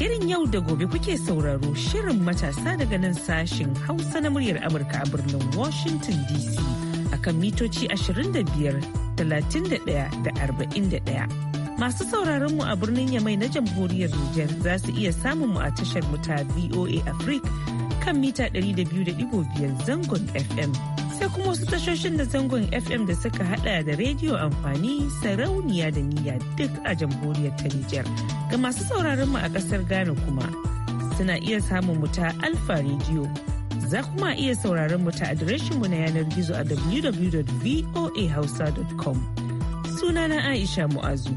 Shirin yau da gobe kuke sauraro shirin matasa daga nan sashen Hausa na muryar Amurka a birnin Washington DC akan mitoci 25, da 41. Masu sauraron mu a birnin Yamai na jamhuriyar Nijar za su iya samun mu a tashar mu ta VOA Africa kan mita 200.5 zangon FM. sai kuma wasu tashoshin da zangon fm da suka hada da rediyo amfani sarauniya da niyya duk a jamhuriyar ta nijar ga masu sauraron mu a kasar ghana kuma suna iya samun mu ta alfa rediyo za kuma iya sauraron mu ta adireshin mu na yanar gizo a www.voahausa.com sunana aisha mu'azu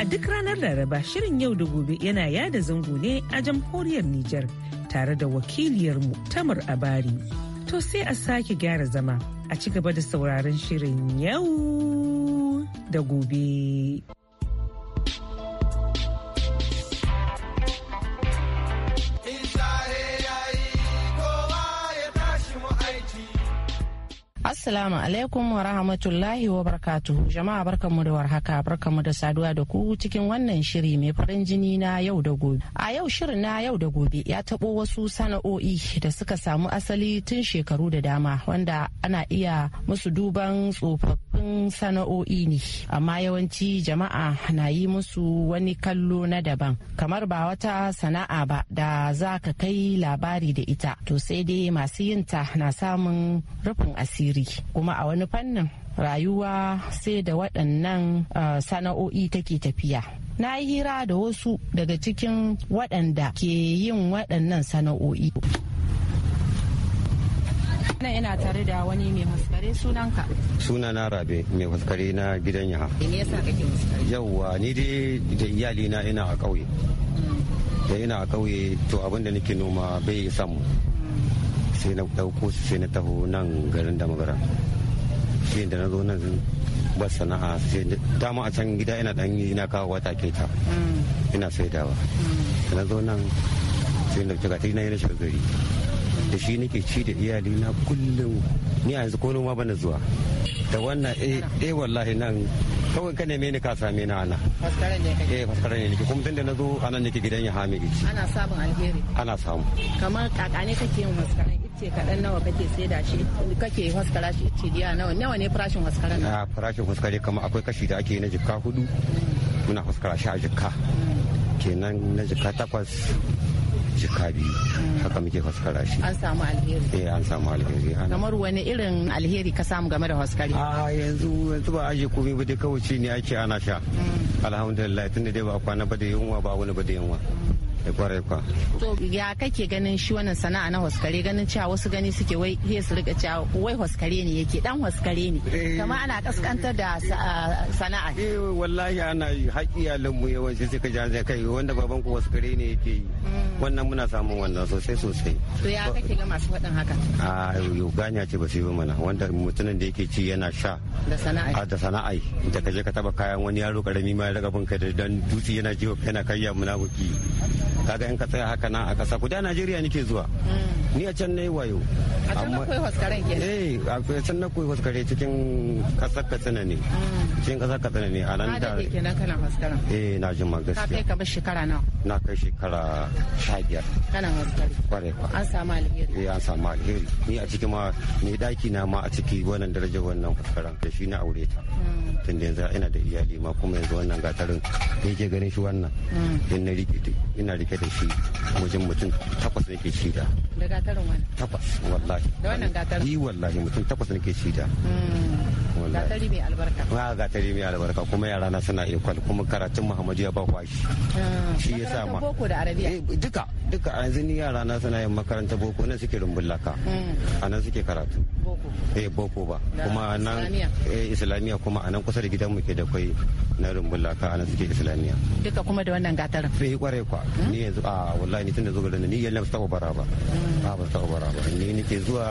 a duk ranar laraba shirin yau da gobe yana yada zango ne a jamhuriyar nijar tare da wakiliyarmu Tamar Abari. To sai a sake gyara zama a ci gaba da sauraron shirin yau da gobe. Assalamu alaikum wa rahmatullahi wa barakatuhu. Jama'a barkanmu da warhaka, barkanmu da saduwa da ku cikin wannan shiri mai farin jini na yau da gobe. A yau shirin na yau da gobe ya tabo wasu sana'o'i da suka samu asali tun shekaru da dama wanda ana iya musu duban tsofaffi sana'o'i ne amma yawanci jama'a na yi musu wani kallo na daban kamar ba wata sana'a ba da za ka kai labari da ita to sai dai masu yinta na samun rufin asiri kuma a wani fannin rayuwa sai da waɗannan uh, sana'o'i take tafiya na yi hira da wasu daga cikin waɗanda ke yin waɗannan sana'o'i na yana tare da wani mai haskare sunanka suna na rabe mai haskare na gidan yaha me yasa kake haskare? yawwa ni dai da iyali na ina a ƙauye mm. da ina a ƙauye to abin da nake noma bai samu mm. sai na ɗauko sai na taho nan garin da magara sai da na zo nan ba sana'a sai dama a can gida ina dan yi na kawo wata ke ta mm. ina saidawa da na zo nan sai na tuka tina yana na shiga da shi nake ci da iyalina kullum ni a yanzu ko noma bana zuwa da wannan eh, eh wallahi nan kawai ka neme ni ka same na ana faskaren ne kake eh faskaren ne nake kuma tunda na zo anan nake gidan ya hamidi ana samun alheri ana samu kamar ne kake yin faskaren ce kaɗan nawa kake da shi kake haskara shi ce diya nawa nawa ne farashin haskara na ah, farashin haskare kama akwai kashi da ake na jikka hudu mm. muna haskara shi a jikka mm. kenan na jikka takwas jika biyu haka muke faskara shi an samu alheri eh an samu alheri kamar wani irin alheri ka samu game da haskari. a yanzu yanzu ba aje komai ba dai kawai ne ake ana sha mm. alhamdulillah tunda dai ba kwana ba da yunwa ba wani ba da yunwa Eh, kwarai kwa to ya kake ganin shi wannan sana'a na hoskare ganin cewa wasu gani suke wai sai su rika cewa wai hoskare ne yake dan hoskare ne eh. kamar ana kaskantar da sana'a eh wallahi ana yi haƙi iyalan mu yawanci suka ja zai kai wanda baban ku hoskare ne yake yi mm. wannan muna samun wannan sosai sosai to ya kake ga masu faɗin haka a ganya ce ba su yi mana wanda mutumin da yake ci yana sha da sana'a da sana'a da kaje ka taba kayan wani yaro karami ma ya rika bin da dan dutse yana jiwa yana kayya munafuki kaga in ka tsaya haka nan a ƙasa guda najeriya nake zuwa ni a can na yi wayo a can na koyi waskaren ke a eh, can na koyi waskare cikin kasar katsina ne ah. cikin kasar katsina ne a nan da ke na kana waskaren eh na jin ma gaskiya ka kai ka bar shekara nawa na kai shekara sha kana waskare kware kwa an samu alheri eh an samu alheri ni a cikin ma ne daki na ma a ciki wannan daraja wannan waskaren da shi na aure ta hmm. tun da yanzu ina da iyali ma kuma yanzu wannan gatarin da yake ganin shi wannan hmm. in na rike ina rike da shi wajen mutum takwas ke shi da gatarin wani takwas wallahi da wannan gatarin yi wallahi mutum takwas nake ci da hmm. gatari mai albarka ba gatari mai albarka kuma yara na suna ekwal kuma karatun muhammadiya ba kwashi hmm. shi ya sa ma eh, duka duka a yanzu ni yara na suna yin makaranta boko nan suke rumbullaka mm. a nan suke karatu eh boko ba kuma nan islamiya eh, kuma a nan kusa da gidanmu ke da kwai na rumbullaka a nan suke islamiya duka kuma da wannan gatarin sai kware kwa hmm? ni yanzu a wallahi ni tunda zo garin ni yalla ba bara ba hmm. a ba taba bara ba ni nake zuwa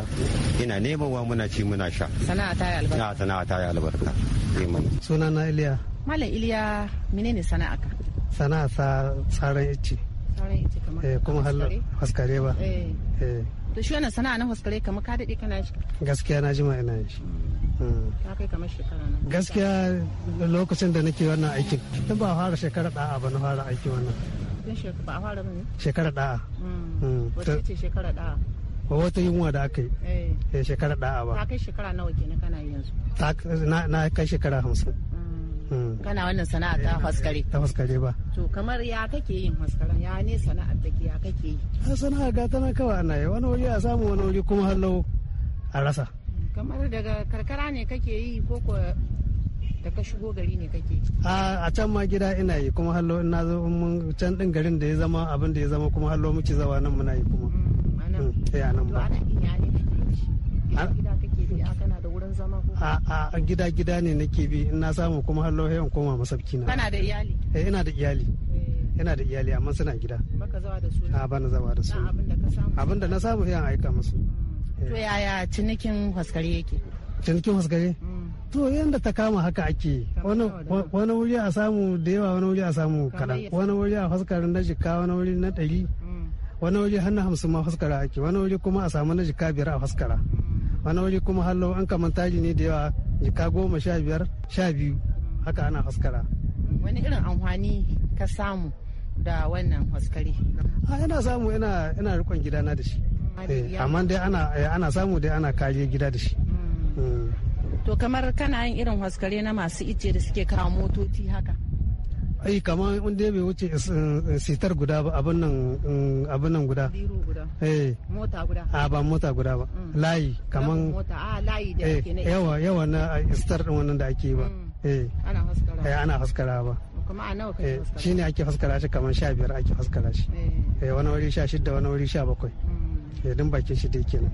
ina neman wa muna ci muna sha sana'a ta albarka sana'a ta albarka eh, sunana iliya malam iliya menene sana'a ka sana'a sa tsaron ice haskarai ce kamar eh kuma haskare ba eh. eh to shi wannan sana'a na haskare kamar ka dade kana shi gaskiya na jima ina hmm. shi gaskiya lokacin da nake wannan aikin tun ba fara shekara da'a ba na fara aikin wannan ba a fara ba ne shekara da'a hmm. hmm. wata ce shekara da'a ba wata yunwa da aka yi eh. Eh, shekara da'a ba ta kai shekara nawa kenan kana yanzu na kai shekara hamsin kana wannan sana'a ta faskare ta faskare ba to kamar ya kake yin faskaren ya ne sana'ar ke ya kake yi a sana'a ga tana kawa ana yi wani wuri a samu wani wuri kuma hallo a rasa kamar daga karkara ne kake yi ko ko da ka shigo gari ne kake a can ma gida ina yi kuma hallo ina zo mun can din garin da ya zama abin da ya zama kuma hallo muke zawa nan muna yi kuma ya mm, nan mm, eh, ba a gida-gida ne nake bi in na samu kuma har yawan koma masabki na. Kana da iyali? Eh, ina da iyali. Eh. Ina da iyali amma suna gida. Baka zawa da su? A bana zawa da su. Abin da na samu yan aika musu. Mm. To eh. yaya cinikin haskare yake? Cinikin haskare? Mm. to yadda ta kama haka ake wani wuri a samu da yawa wani wuri a samu kaɗan wani wuri a faskarin na jika wani wuri na ɗari mm. wani wuri hannu hamsin ma faskara ake wani wuri kuma a samu na jika biyar a faskara. wani wuri kuma hallo an kaman taji ne da yawa jika goma sha biyar sha biyu haka ana haskara wani irin amfani ka samu da wannan haskare a ina samu ina ina rikon gidana da shi amma dai eh, ana eh, ana samu dai ana kariya gida da shi hmm. Hmm. to kamar kana yin irin haskare na masu ice da suke kawo motoci haka ai kama wanda bai wuce eh, eh, sitar guda ba abin nan mm, abin nan guda eh mota guda a ba mota guda ba mm. layi kaman mota a layi da yake eh, ne yawa yawa na sitar din wannan da ake ba mm. eh ana haskara eh ana haskara ba kuma a nawa kake haskara shine ake haskara shi kaman 15 ake haskara shi eh wani wuri 16 wani wuri 17 eh din bakin shi dai kenan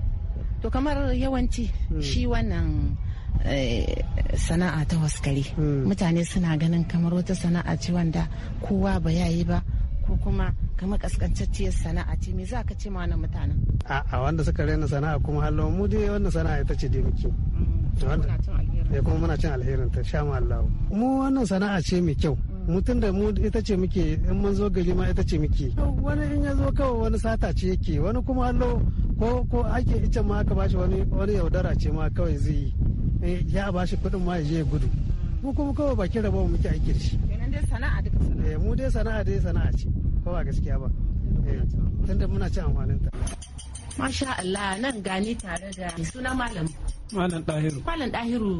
to kamar yawanci hmm. shi wannan Eh, sana'a ta waskare hmm. mutane suna ganin kamar wata sana'a ce wanda kowa ba ya yi ba ko kuma kamar kaskancacciyar sana'a ce me za ka ce ma wannan mutanen a wanda suka raina sana'a kuma hallo mu dai wannan sana'a ita ce dai muke ya hmm. eh, kuma muna cin alherin ta sha Allah mu wannan sana'a ce mai kyau hmm. mutum da mu ita ce muke in mun zo gari ma ita ce muke wani in ya zo kawai wani sata ce yake wani kuma hallo ko ko ake icen ma aka bashi wani wani yaudara ce ma kawai zai yi Eh, ya a bashi kuɗin ma ya gudu mu kuma kawai baki rabo muke aiki da dai sana'a duka sana'a eh, mu dai sana'a dai sana'a ce kawai gaskiya ba eh, tunda muna cin amfanin ta Masha Allah nan gani tare da suna malam. Malam Dahiru. Malam Dahiru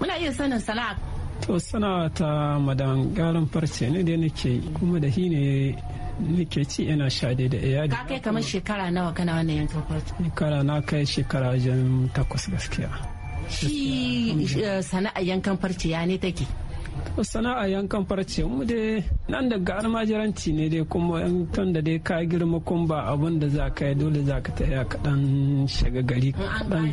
muna iya sanin sana'a. To sana'a ta madan garin farce ne da nake kuma da hi ne nake ci ina shade da iyali. Ka kai kamar shekara nawa kana wannan yankan farce? Shekara na kai shekara jan takwas gaskiya. shi eh, sana'a yankan farce ya ne take sana'a yankan farce mu dai nan daga almajiranci ne dai kuma yan ton da dai ka girma kun ba abun da za ka yi dole za ka ka kaɗan shiga gari dan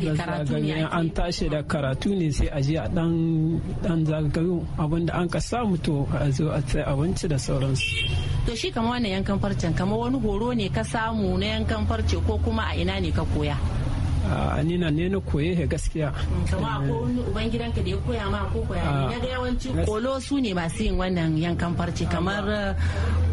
zagayo an tashi da karatu ne sai a je a dan zagayo abun da an ka samu to a zo a tsaye abinci da sauransu to shi kama wannan yankan farcen kama wani horo ne ka samu na yankan farce ko kuma a ina ne ka koya a nina ne na koye gaskiya kama ko wani uban gidanka da ya koya ma ko koya ne ah. ga yawanci kolo su ne masu yin wannan yankan farce kamar eh,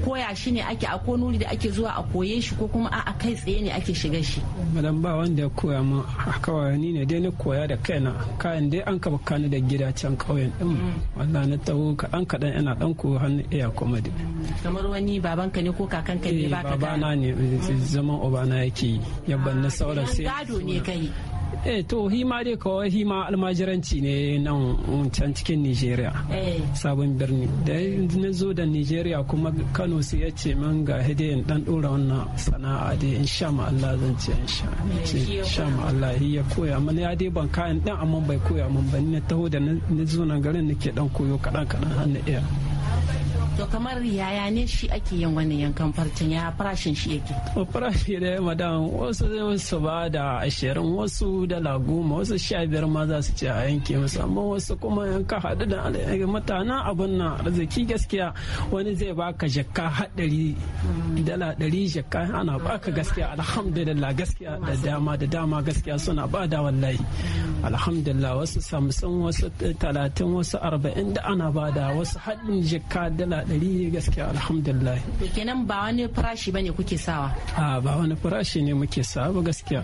koya shi ne ake a nuri da ake zuwa a koye shi ko kuma a kai tsaye ne ake shiga shi madan ba wanda ya koya mu kawai ni ne dai na koya da kaina kayan dai an kaba kani da gida can kauyen din mm. wallahi na tawo ka an kadan ina dan ko hannu iya comedy mm. kamar wani babanka ne ko kakanka ne baka ba eh, eh, na ne zaman obana yake yabban na sauran sai gado ne ka yi eh to hima dai kawai hima almajiranci ne nan mm, can cikin nigeria eh. sabon birni da na zo da nigeria kuma kano sai ya ce man ga hidayen dan dora wannan sana'a dai in sha ma Allah zan ce in sha ma Allah ya koya mana ya dai ban kayan dan amma bai koya min ba ni na taho da na zo nan garin nake dan koyo kadan kadan har na iya to kamar yaya ne shi ake yin wannan yankan farcen ya farashin shi yake farashi da madam wasu zai wasu ba da ashirin wasu dala goma wasu sha biyar ma za su ce a yanke musu amma wasu kuma yanka haɗu da mutanen abin na arziki gaskiya wani zai baka jakka haɗari dala ɗari jakka ana baka gaskiya alhamdulillah gaskiya da dama da dama gaskiya suna ba da wallahi alhamdulillah wasu samsun wasu talatin wasu arba'in da ana ba da wasu haɗin jakka dala naira ɗari gaskiya alhamdulillah to kenan ba wani farashi bane kuke sawa a ba wani farashi ne muke sawa gaskiya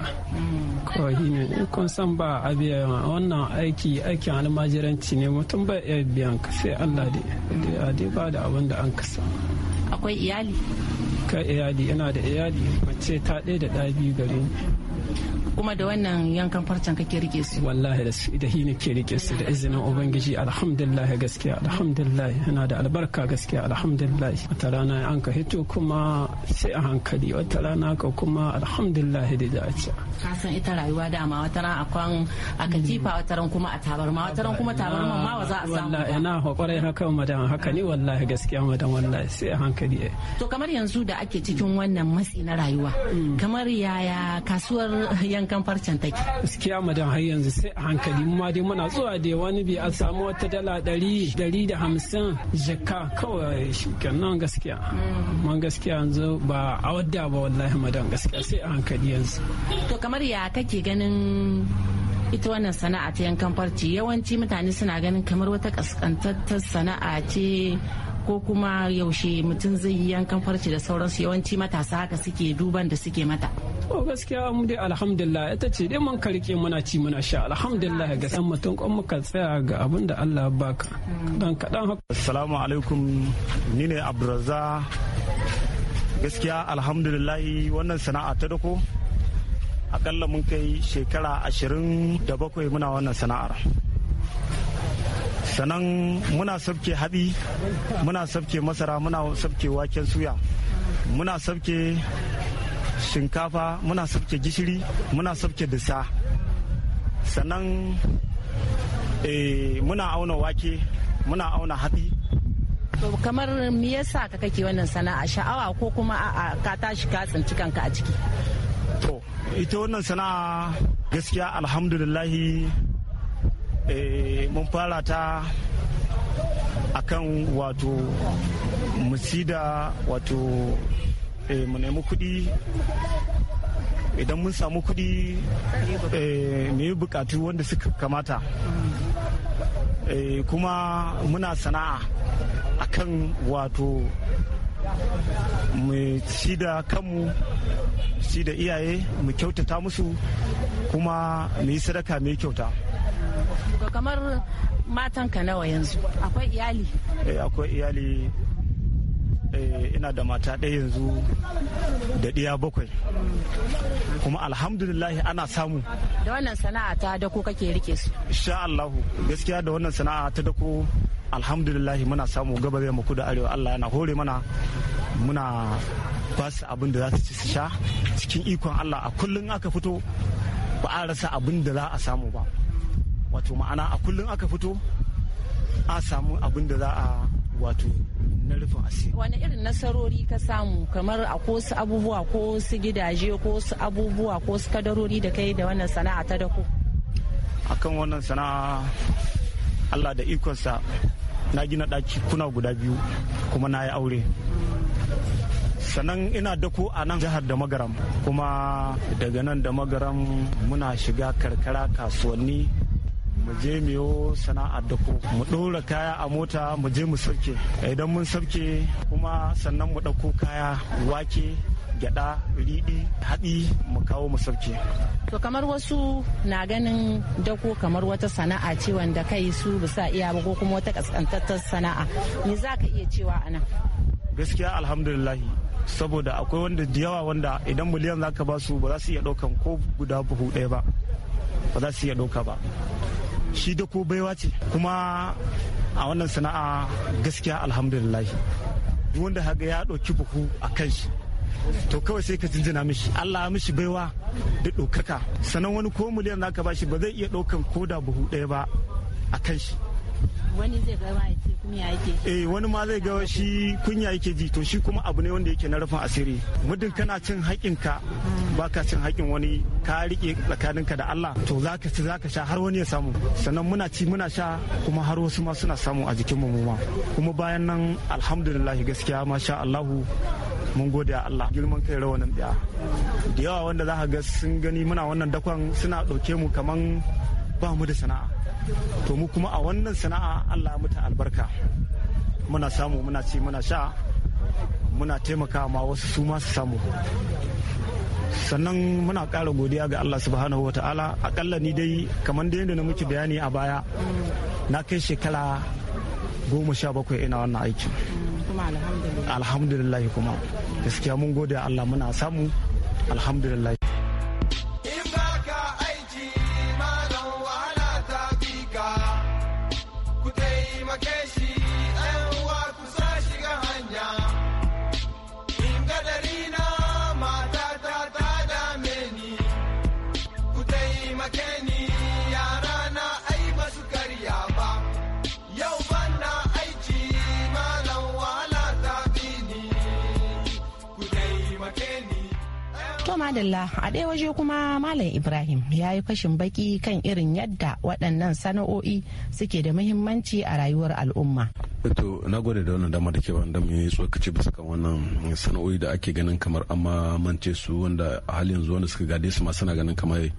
kawai ne kun san ba a wannan aiki aikin almajiranci ne mutum ba iya biyan ka sai Allah da dai ba da abin da an kasa akwai iyali ka iyali ina da iyali mace ta ɗaya da ɗa biyu gare ni kuma da wannan yankan farcen kake rike su wallahi da su da hini ke rike su da izinin ubangiji alhamdulillah gaskiya alhamdulillah yana da albarka gaskiya alhamdulillah wata rana an ka hito kuma sai a hankali wata rana ka kuma alhamdulillah da da ce ka san ita rayuwa dama wata rana akwan a katifa wata ran kuma a tabar ma wata ran kuma tabar ma ma za a samu wallahi ina hakuri haka madan haka ni wallahi gaskiya madan wallahi sai a hankali to kamar yanzu da ake cikin wannan matsi na rayuwa mm. kamar yaya kasuwar yankan farcen take gaskiya madan har yanzu sai a hankali mu ma dai muna zuwa da wani bi a samu wata dala ɗari ɗari da hamsin jaka kawai shi kenan gaskiya man gaskiya yanzu ba a wadda ba wallahi madan gaskiya sai a hankali yanzu to kamar ya kake ganin ita wannan sana'a ta yankan farci yawanci mutane suna ganin kamar wata kaskantattar sana'a ce ko kuma yaushe mutum zai yi yankan farci da sauransu yawanci matasa haka suke duban da suke mata to gaskiya mu dai alhamdulillah ita ce dai mun karke muna ci muna sha alhamdulillah ga san mutum kon muka tsaya ga abin da Allah baka dan kadan haka assalamu alaikum ni ne abdurrazza gaskiya alhamdulillah wannan sana'a ta dako akalla mun kai shekara ashirin da bakwai muna wannan sana'ar sannan muna sabke haɗi muna sabke masara muna sabke waken suya muna sabke shinkafa muna sabke gishiri muna sabke dusa sannan eh, muna auna wake muna auna hatsi kamar me yasa ka kake wannan sana'a sha'awa ko kuma ka tashi ka tsinci kanka a ciki to ita wannan sana'a gaskiya alhamdulillahi eh, mun fara ta akan wato musida wato Eh, mu nemi kuɗi idan mun samu kuɗi eh, mu yi bukatu wanda suka kamata eh, kuma muna sana'a akan wato mu ci da kanmu ci da iyaye mu kyautata musu kuma mu yi sadaka mai kyauta kamar matanka nawa yanzu akwai iyali akwai iyali Eh, ina da mata ɗaya yanzu da ɗiya bakwai kuma alhamdulillahi ana samu da wannan sana'a ta dako kake rike su sha Allahu gaskiya da wannan sana'a ta dako alhamdulillahi muna samu gaba zai maku da arewa Allah yana hore mana muna ba su abin da za su ci su sha cikin ikon Allah a kullum aka fito ba a rasa abin da za a samu ba wato ma'ana a kullum aka fito a samu abin da za a wato na rufin asiri wani irin nasarori ka samu kamar a ko su abubuwa ko su gidaje ko su abubuwa ko su kadarori da kai da wannan sana'a ta dako akan wannan sana'a Allah da ikonsa na gina ɗaki kuna guda biyu kuma na yi aure sannan ina dako a nan jihar da magaram kuma daga nan da magaram muna shiga karkara kasuwanni mu je mu yi sana'ar da ko mu ɗora kaya a mota mu je mu sauke idan mun sauke kuma sannan mu ɗauko kaya wake gyada riɗi haɗi mu kawo mu sauke. to kamar wasu na ganin dako kamar wata sana'a ce wanda kai su bisa iya ba ko kuma wata kaskantattar sana'a me za ka iya cewa anan gaskiya alhamdulillahi saboda akwai wanda da yawa wanda idan miliyan za ka ba su ba za su iya ɗaukan ko guda buhu ɗaya ba ba za su iya ɗauka ba shi da ko baiwa ce kuma a wannan sana'a gaskiya alhamdulillah wanda haga ya ɗauki buhu a kan shi to kawai sai ka jinjina mishi Allah mishi baiwa da ɗaukaka sanan wani ko miliyan naka shi ba zai iya ɗaukan koda buhu ɗaya ba a kan shi wani zai baiwa ya ce kunya eh wani ma zai ga shi kunya yake ji to shi kuma abu ne wanda yake na rufin asiri muddin kana cin haƙinka ka. baka cin haƙin wani ka rike ka da Allah to zaka ci zaka sha har wani ya samu sannan muna ci muna sha kuma har wasu ma suna samu a jikin mu ma kuma bayan nan alhamdulillah gaskiya masha Allahu mun gode a Allah girman kai rawanin ɗaya da yawa wanda zaka ga sun gani muna wannan dakon suna ɗauke mu kaman ba mu da sana'a to mu kuma a wannan sana'a allah muta albarka muna samu muna ci muna sha muna taimaka ma wasu su ma su samu sannan muna ƙara godiya ga Allah subhanahu wa ta'ala akalla ni dai kamar da yadda na muke bayani a baya na kai shekara goma sha bakwai ina wannan aiki. alhamdulillah kuma gaskiya mun gode Allah muna samu alhamdulillah To madalla a ɗaya waje kuma Malam Ibrahim ya yi fashin baki kan irin yadda waɗannan sana'o'i suke da muhimmanci a rayuwar al'umma. To na gode da wannan dama da ke da mu yi tsokaci bisa kan wannan sana'o'i da ake ganin kamar amma mance su wanda a hali yanzu wanda suka gade su masana ganin kamar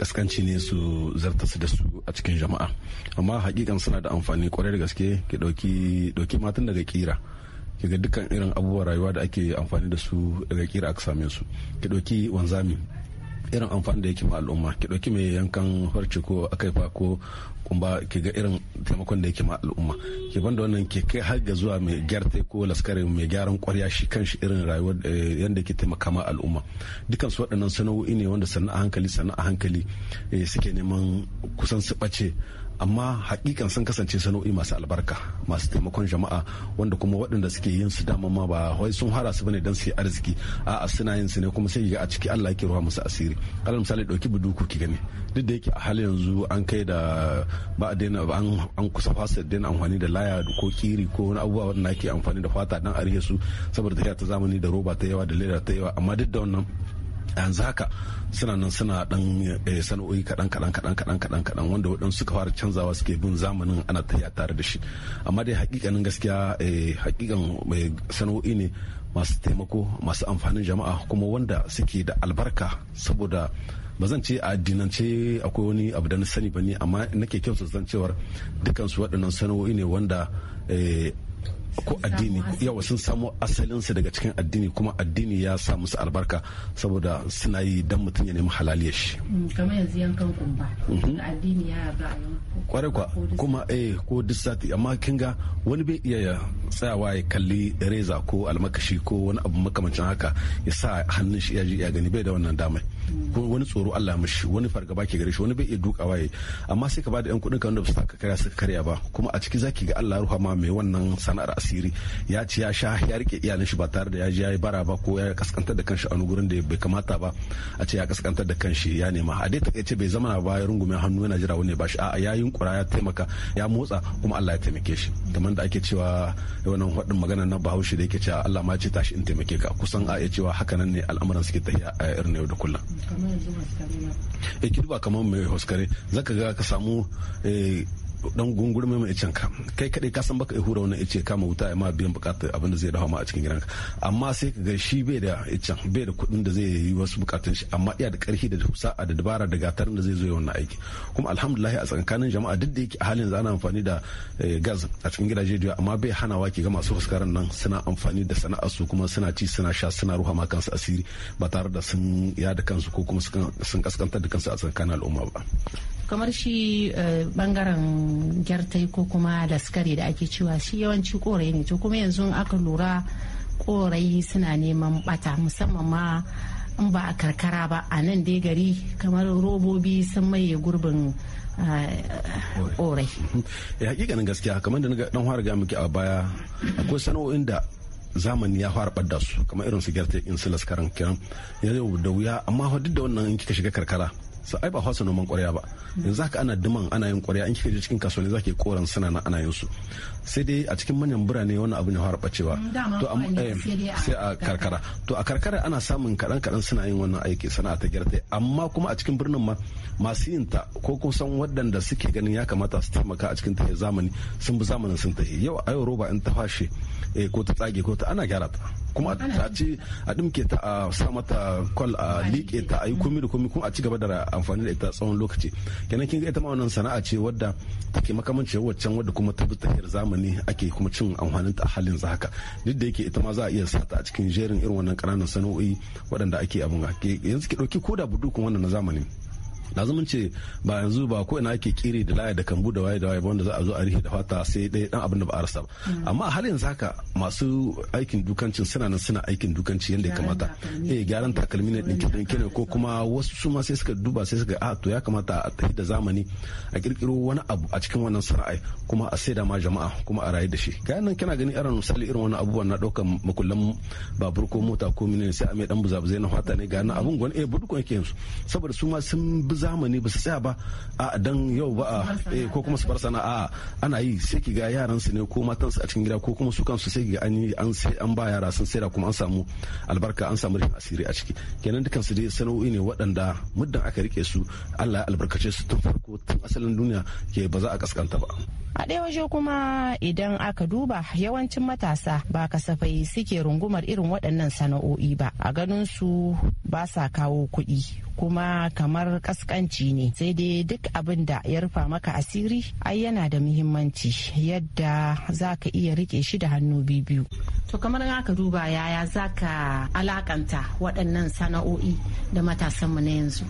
kaskanci ne su zarta su da su a cikin jama'a amma hakikan suna da amfani kwarai da gaske ke dauki matan daga kira ga dukkan irin abubuwan rayuwa da ake amfani da su daga kira aka same su ki ɗauki wanzami irin amfani da yake ma al'umma ki ɗauki mai yankan farce ko akaifa ko kumba ki ga irin taimakon da yake ma al'umma ki banda wannan ke kai har ga zuwa mai gyarta ko laskare mai gyaran kwarya shi kanshi irin rayuwar eh, yadda ke taimaka ma al'umma dukkan su waɗannan sana'o'i ne wanda sana'a hankali a hankali eh, suke neman kusan su ɓace amma hakikan sun kasance san'o'i masu albarka masu taimakon jama'a wanda kuma waɗanda suke yin su dama ma ba wai sun hara su bane don su yi arziki a'a suna yin su ne kuma sai a ciki Allah yake ruwa musu asiri alal misali dauki buduku ki gani duk da yake a halin yanzu an kai da ba a daina an kusa fasa daina amfani da laya ko kiri ko wani abubuwa wanda ake amfani da fata dan a su saboda tafiya ta zamani da roba ta yawa da leda ta yawa amma duk da wannan yanzu haka suna nan suna dan eh, sana'o'i kaɗan kaɗan kaɗan kaɗan kaɗan kaɗan wanda waɗansu suka fara canzawa suke bin zamanin ana tafiya tare da shi amma dai hakikanin gaskiya eh, hakikan eh, sana'o'i ne masu taimako masu amfanin jama'a kuma wanda suke da albarka saboda ba zan ce a dinance akwai wani abu da na sani ba ne amma nake kyautar zan cewar dukansu waɗannan sana'o'i ne wanda ko addini yawa sun samo asalinsu daga cikin addini kuma addini ya sa musu albarka saboda suna yi dan mutum ya nemi halaliyar shi mm, kamar yanzu yankan kumba mhm. addini ya ba kwarai kwa kuma eh ko duk sati amma kin wani bai iya ya tsayawa ya kalli reza ko almakashi ko wani abu makamancin haka ya sa hannun shi ya ji ya gani bai da wannan damai ko wani tsoro Allah mishi wani fargaba ke gare shi wani bai iya dukawa waye amma sai ka bada yan kuɗin ka wanda ba ka karya suka karya ba kuma a ciki zaki ga Allah ruha ma mai wannan sana'ar asiri ya ci ya sha ya rike iyalin shi ba tare da ya ji ya yi bara ba ko ya kaskantar da kanshi a wani gurin da bai kamata ba a ce ya kaskantar da kanshi ya nema a dai ce bai zama a ba ya rungume hannu yana jira wani ba shi a ya yunkura ya taimaka ya motsa kuma Allah ya taimake shi kamar da ake cewa wannan hadin magana na Bahaushe da yake cewa Allah ma ce tashi in taimake ka kusan a iya cewa hakanan ne al'amuran suke tafiya a irin yau da kullum kamar yanzu hoskare na e eh, ki duba kamar mai hoskare zaka ga ka samu eh, dan gungurmi mai can ka kai kadai ka san baka ya hura wannan ice kama wuta ya ma biyan bukatar abin da zai dawo ma a cikin gidanka amma sai ka ga shi bai da ice bai da kuɗin da zai yi wasu bukatun shi amma iya da karfi da sa'a da dabara da gatarin da zai zo wannan aiki kuma alhamdulillah a tsakanin jama'a duk da yake a halin zana amfani da eh, gas a cikin gidaje da amma bai hana ki ga masu fuskarar nan suna amfani da sana'ar su kuma suna ci suna sha suna ruha ma kansu asiri ba tare da sun yada kansu ko kuma sun kaskantar da kansu a tsakanin al'umma ba kamar shi bangaren eh, gyartai ko kuma daskare da ake cewa shi yawanci korayi ne to kuma yanzu aka lura korayi suna neman bata musamman ma in ba a karkara ba a nan dai gari kamar robobi sun maye gurbin eh, korai ya hakikanin gaskiya kamar da na dan fara ga muke a baya akwai sana'o'in da zamani ya fara ɓadda su kamar irin su gyarta in su laskaran kiran ya da wuya amma duk da wannan in kika shiga karkara su ai ba hausa noman kwarya ba yanzu haka ana duman ana yin kwarya in kike je cikin kasuwanni zaki koran suna na ana yin su sai dai a cikin manyan birane wannan abu ne har bacewa mm, to eh, sai a karkara to a karkara ana samun kadan kadan suna yin wannan aiki sana'a ta girta amma kuma a cikin birnin ma masu yin ta ko kusan waɗanda suke ganin ya kamata su taimaka a cikin tahiyar zamani sun bi zamanin sun tafi yau a yau roba in ta fashe eh, ko ta tsage ko ta ana gyara ta kuma a ci a dimke ta a sa mata kwal a liƙe ta a yi komi da komi kuma a ci gaba da amfani da ita tsawon lokaci kenan kin ga ita ma wannan sana'a ce wadda take makamanci waccan wadda kuma ta tafiyar zamani ake kuma cin amfanin ta a halin za haka duk da yake ita ma za a iya sata a cikin jerin irin wannan ƙananan sana'o'i waɗanda ake abin yanzu ki dauki koda da budukun wannan na zamani na zama ce ba yanzu ba ko ina ake kiri da laya da kambu da waye da waye wanda za a zo a rihe da fata sai dai dan abin da ba a rasa ba mm. amma a halin haka masu aikin dukancin suna nan suna aikin dukanci yadda ya kamata eh gyaran takalmi ne dinki dinki ne ko kuma wasu su ma sai suka duba sai suka a ah, to ya kamata a tafi da zamani a kirkiro wani abu a cikin wannan sana'ai kuma a saida ma jama'a kuma a rayu da shi ga nan kina gani irin misali irin wani abubuwan na daukan makullan babur ko mota ko mine sai a mai dan buzabuzai na fata ne ga nan abun gwan eh budukon yake yanzu saboda su ma sun zamani ba su tsaya ba a dan yau ba eh ko kuma su bar sana'a ana yi sai ki ga yaran su ne ko matan su a cikin gida ko kuma su kansu sai ki ga an yi an sai an ba yara sun da kuma an samu albarka an samu rikin asiri a ciki kenan dukan su dai sanoi ne waɗanda muddin aka rike su Allah ya albarkace su tun farko tun asalin duniya ke ba za a kaskanta ba a ɗaya waje kuma idan aka duba yawancin matasa ba kasafai suke rungumar irin waɗannan sana'o'i ba a ganin su ba sa kawo kuɗi kuma kamar kaskanci ne sai dai duk abin da ya rufa maka asiri ai yana da muhimmanci yadda za ka iya rike shi da hannu biyu to kamar haka duba yaya za ka alakanta waɗannan sana'o'i da matasanmu na yanzu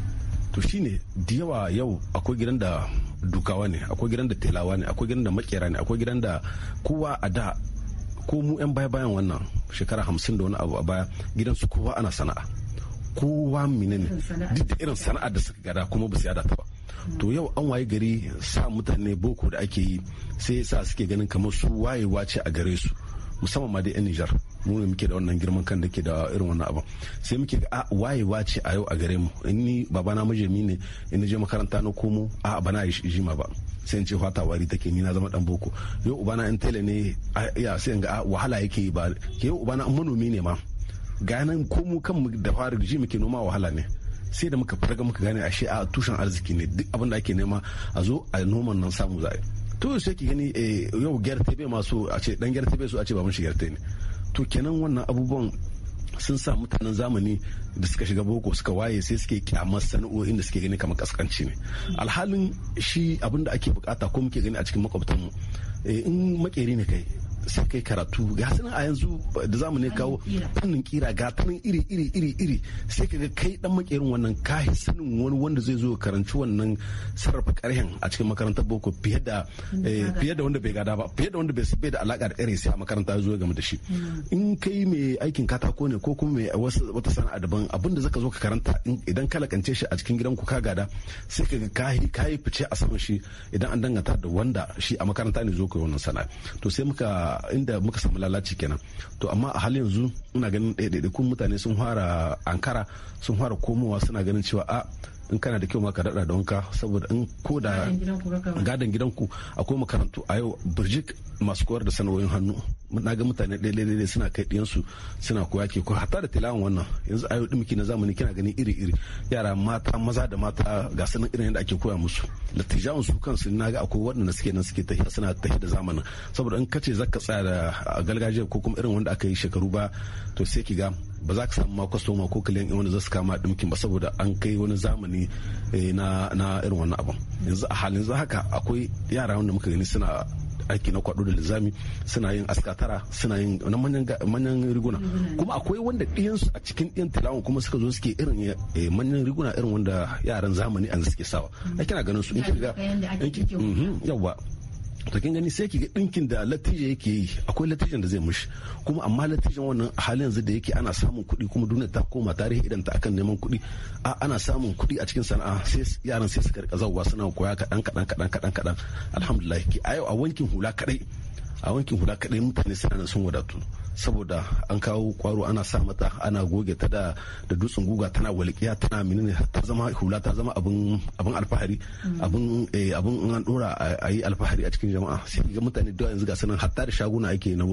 to shine da yawa yau akwai gidan da dukawa ne akwai gidan da telawa ne akwai gidan da makera ne akwai gidan da kowa a da ko mu yan baya bayan wannan shekara hamsin da wani abu a baya gidan su kowa ana sana'a kowa menene duk da irin sana'ar da suka gada kuma ba su yada ta ba to yau an waye gari sa mutane boko da ake yi sai sa suke ganin kamar su wayewa ce a gare su musamman ma da yan Nijar mu ne muke da wannan girman kan da ke da irin wannan abin sai muke ga wayewa ce a yau a gare mu in ni baba na mijimi ne in je makaranta na komo a ba na yi jima ba sai in ce fata wari take ni na zama dan boko yau ubana in tele ne ya sai in ga wahala yake ba yau ubana manomi ne ma ganin ko mu kanmu da fara ji muke noma wahala ne sai da muka farga muka gane ashe a tushen arziki ne duk abin da ake nema a zo a noman nan samu za to sai ki gani eh, yau gerte bai masu a ce dan gyarte bai so a ce ba mun gerte ne to kenan wannan abubuwan sun sa mutanen zamani da suka shiga boko suka waye sai suke kyamar sana'o'in da suke gani kamar kaskanci ne alhalin shi abin da ake bukata ko muke gani a cikin makwabtanmu eh, in makeri ne kai sai kai karatu ga sanin a yanzu da zamu ne kawo fannin kira ga tanin iri iri iri iri sai kaga kai dan makerin wannan ka sanin wani wanda zai zo karanci wannan sarrafa karhen a cikin makarantar boko fiye da eh, fiye da wanda bai gada ba fiye da wanda bai da alaka da kare sai a makaranta zuwa game da shi hmm. in kai mai aikin katako ne ko kuma mai wata sana'a daban abin da zaka zo ka karanta idan ka lakance shi a cikin gidan ku ka gada sai kaga kahi kai fice a saman shi idan an danganta da wanda shi a makaranta ne zo yi wannan sana'a to sai muka inda muka samu lalaci kenan to amma a halin yanzu ina ganin ɗaiɗaikun mutane sun fara ankara sun fara komowa suna ganin cewa a ah, in kana da kyau ma ka da wanka saboda in ko da gadon gidanku akwai makarantu a yau birjik masu koyar da sana'o'in hannu na ga mutane ɗaya suna kai ɗiyansu suna koya ke ko hatta da tilawan wannan yanzu a yau ɗimki na zamani kina ganin iri-iri yara mata maza da mata ga sanin irin yadda ake koya musu da tijawan su kansu na ga akwai waɗanda suke nan suke tafiya suna tafi da zamanin saboda in kace zaka tsaya da galgajiyar ko kuma irin wanda aka yi shekaru ba to sai ki ga ba za ka samu ma ma ko kiliyan wanda za su kama ɗinkin ba saboda an kai wani zamani eh, na irin wannan abin yanzu a halin za haka akwai yara wanda muka gani suna aiki na kwado da lizami suna yin askatara suna yin na manyan riguna kuma akwai wanda ɗiyansu a cikin ɗiyan tilawan kuma suka zo suke irin eh, manyan riguna irin wanda yaran zamani an suke sawa ai kina ganin su in kin ga yawa to kin gani sai ki ga dinkin da latijan yake yi akwai latijan da zai mushi kuma amma latijan wannan halin yanzu da yake ana samun kuɗi kuma duniya ta koma tarihi idan ta akan neman kuɗi a ana samun kuɗi a cikin sana'a sai yaran sai su karka zawwa suna koya kadan kadan kaɗan kaɗan kaɗan alhamdulillah ki a yau a wankin hula kadai. a wankin guda kaɗai mutane suna sun wadatu saboda an kawo kwaro ana sa mata ana goge ta da da dutsen guga tana walƙiya tana menene ta zama hula ta zama abin abin alfahari mm. abin eh, abin an dora a yi alfahari a cikin jama'a sai ga mutane da yanzu ga sanin hatta da shaguna ake na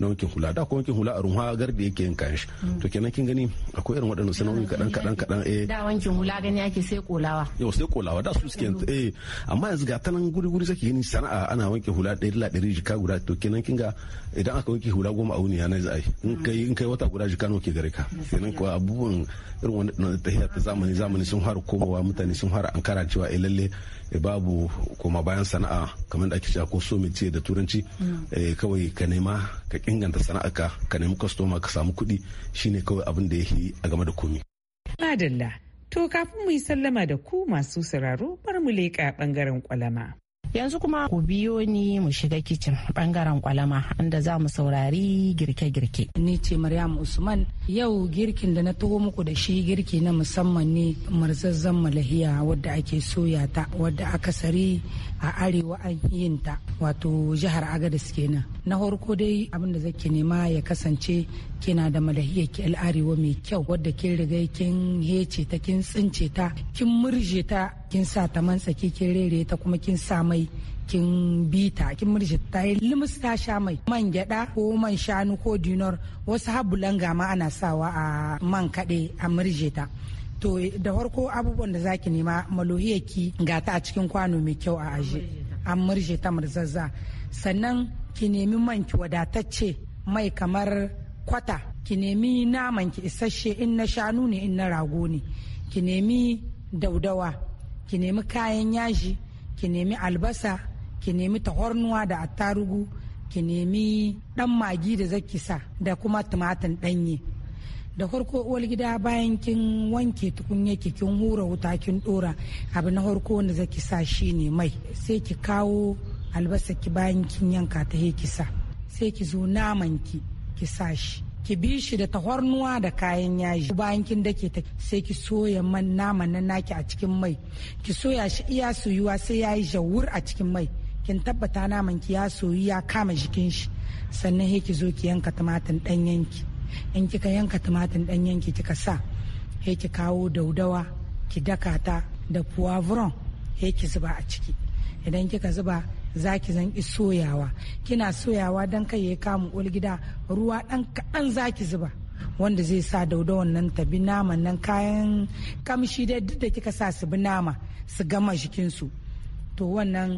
wankin hula da ko wankin hula a runwa garbi yake yin kayan shi mm. to kenan kin gani akwai irin waɗannan sanarwoyi kaɗan kaɗan kaɗan eh da wankin hula gani ake sai kolawa yau sai kolawa da su suke eh amma yanzu ga tanan guri guri sake gani sana'a ana wankin hula ɗaya la ɗari jika guda to kenan kinga idan aka wanke hula goma a wuni yana za in kai in kai wata guda jikano ke gare ka kenan ko abubuwan irin wannan tahiyar ta zamani zamani sun fara komawa mutane sun fara ankara cewa eh lalle eh, babu koma bayan sana'a kamar da ake cewa ko so ce da turanci eh, kawai ka nema ka inganta sana'a ka ka nemi kwastoma ka samu kuɗi shine kawai abin da ya yake a game da komi. Madalla, to kafin mu yi sallama da ku masu sauraro bar mu leƙa ɓangaren kwalama. yanzu kuma ku biyo ni mu shiga kicin bangaren kwalama inda za mu saurari girke-girke ni ce maryam usman yau girkin da na taho muku da shi girki na musamman ne marzazzan malahiya wadda ake soya ta wadda akasari a arewa an yin ta wato jihar agadis kenan na farko dai abin da zake nema ya kasance kina da malahiyaki ki arewa mai kyau wadda kin riga kin hece ta kin tsince ta kin murje ta kin sa ta man tsaki kin rere ta kuma kin sa mai kin bita kin murje ta yi limus sha mai man gyada ko man shanu ko dinar wasu habulanga ma ana sawa a man kaɗe a murje ta to da farko abubuwan da zaki nema malohiyarki ga ta a cikin kwano mai kyau a aji. an murje ta murzazza sannan ki nemi man ki wadatacce mai kamar kwata ki nemi naman ki isasshe in na shanu ne in na rago ne ki nemi daudawa ki nemi kayan yaji ki nemi albasa ki nemi tahornuwa da attarugu ki nemi dan magi da zaki sa da kuma tumatin danye da farko uwar gida bayan kin wanke tukunya ki kin hura wuta kin dora abu na farko wanda zaki sa shine mai sai ki kawo albasa ki bayan kin yanka ta he ki sa sai ki zo naman ki ki sa shi ki bi shi da tahornuwa da kayan yaji bayan kin dake ta sai ki soya man naman nan naki a cikin mai ki soya shi iya soyuwa sai yayi jawur a cikin mai kin tabbata naman ki ya soyu ya kama jikin shi sannan he ki zo ki yanka tumatir ɗanyen ki in kika yanka tumatir dan yanki kika sa he ki kawo daudawa ki daka ta da puwavron he ki zuba a ciki idan kika zuba za ki zanki soyawa kina soyawa don kai ya kama gida ruwa ɗan kaɗan za ki zuba wanda zai sa daudawan nan ta bi naman nan kayan kamshi da duk da kika sa su bi nama su gama jikinsu to wannan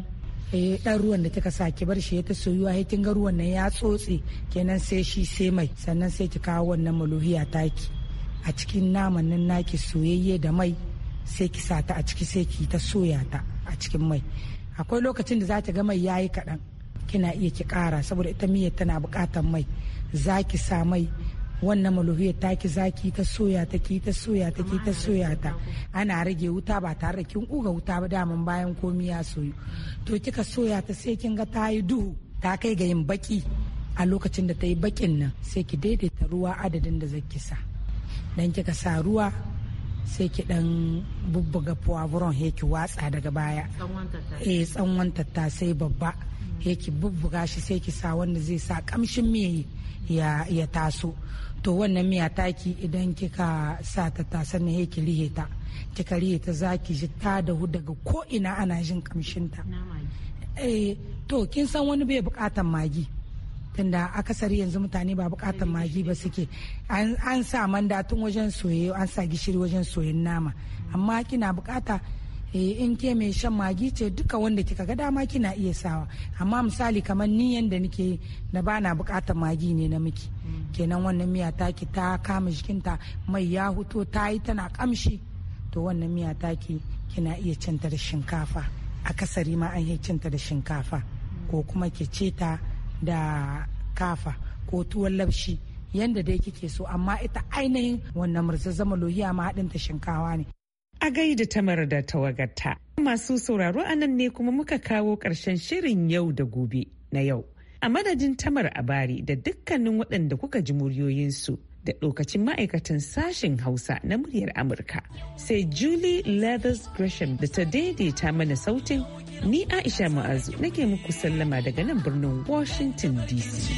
eh dan ruwan da kika sa ki bar shi ya ta soyuwa sai kin ga ruwan nan ya tsotse kenan sai shi sai mai sannan sai ki kawo wannan maluhiya taki a cikin naman nan naki soyayye da mai sai ki sa ta a ciki sai ki ta soya ta a cikin mai akwai lokacin da za ta ga mai yayi kaɗan kina iya ki ƙara saboda ita miyar tana buƙatar mai za ki sa mai wannan malohiyar ki zaki ta soya ta ki ta soya ta ki ta soya ta ana rage wuta ba tare da kin kuga wuta ba daman bayan komi ya soyu to kika soya ta sai kin ga ta yi duhu ta kai ga yin baki a lokacin da ta yi bakin nan sai ki daidaita ruwa adadin da zaki sa dan kika sa ruwa sai ki dan bubbuga poivron he ki watsa daga baya eh tsawon tattasai babba he ki bubbuga shi sai ki sa wanda zai sa kamshin miyayi ya taso to wannan miya taki idan kika sa ta tasan ne ki rihe ta kika rihe ta za ki ji ta dahu daga ko ina ana jin kamshinta. ta eh, to kin san wani bai bukatan magi tunda akasari yanzu mutane ba bukatan magi ba suke an sa tun wajen soye an sa gishiri wajen soyen nama mm. amma kina bukata eh in ke mai shan magi ce duka wanda kika ga dama kina iya sawa amma misali kamar ni yanda nake na bana bukatar magi ne na miki kenan wannan miya taki ta kama jikinta mai ya huto ta yi tana kamshi to wannan miya taki kina iya cinta da shinkafa akasari ma an yi cinta da shinkafa ko kuma ke ce ta da kafa ko tuwon labshi yanda dai kike so amma ita ainihin wannan murzazzama lohiya ma haɗinta shinkawa ne a gaida tamar da tawagarta. Masu sauraro a nan ne kuma muka kawo ƙarshen shirin yau da gobe na yau. A madadin tamar a bari da dukkanin waɗanda kuka ji muryoyinsu da ɗokacin ma'aikatan sashen Hausa na muryar Amurka. Sai Julie Leathers Gresham da ta daidaita mana sautin ni Aisha Ma'azu nake muku sallama daga nan birnin Washington DC.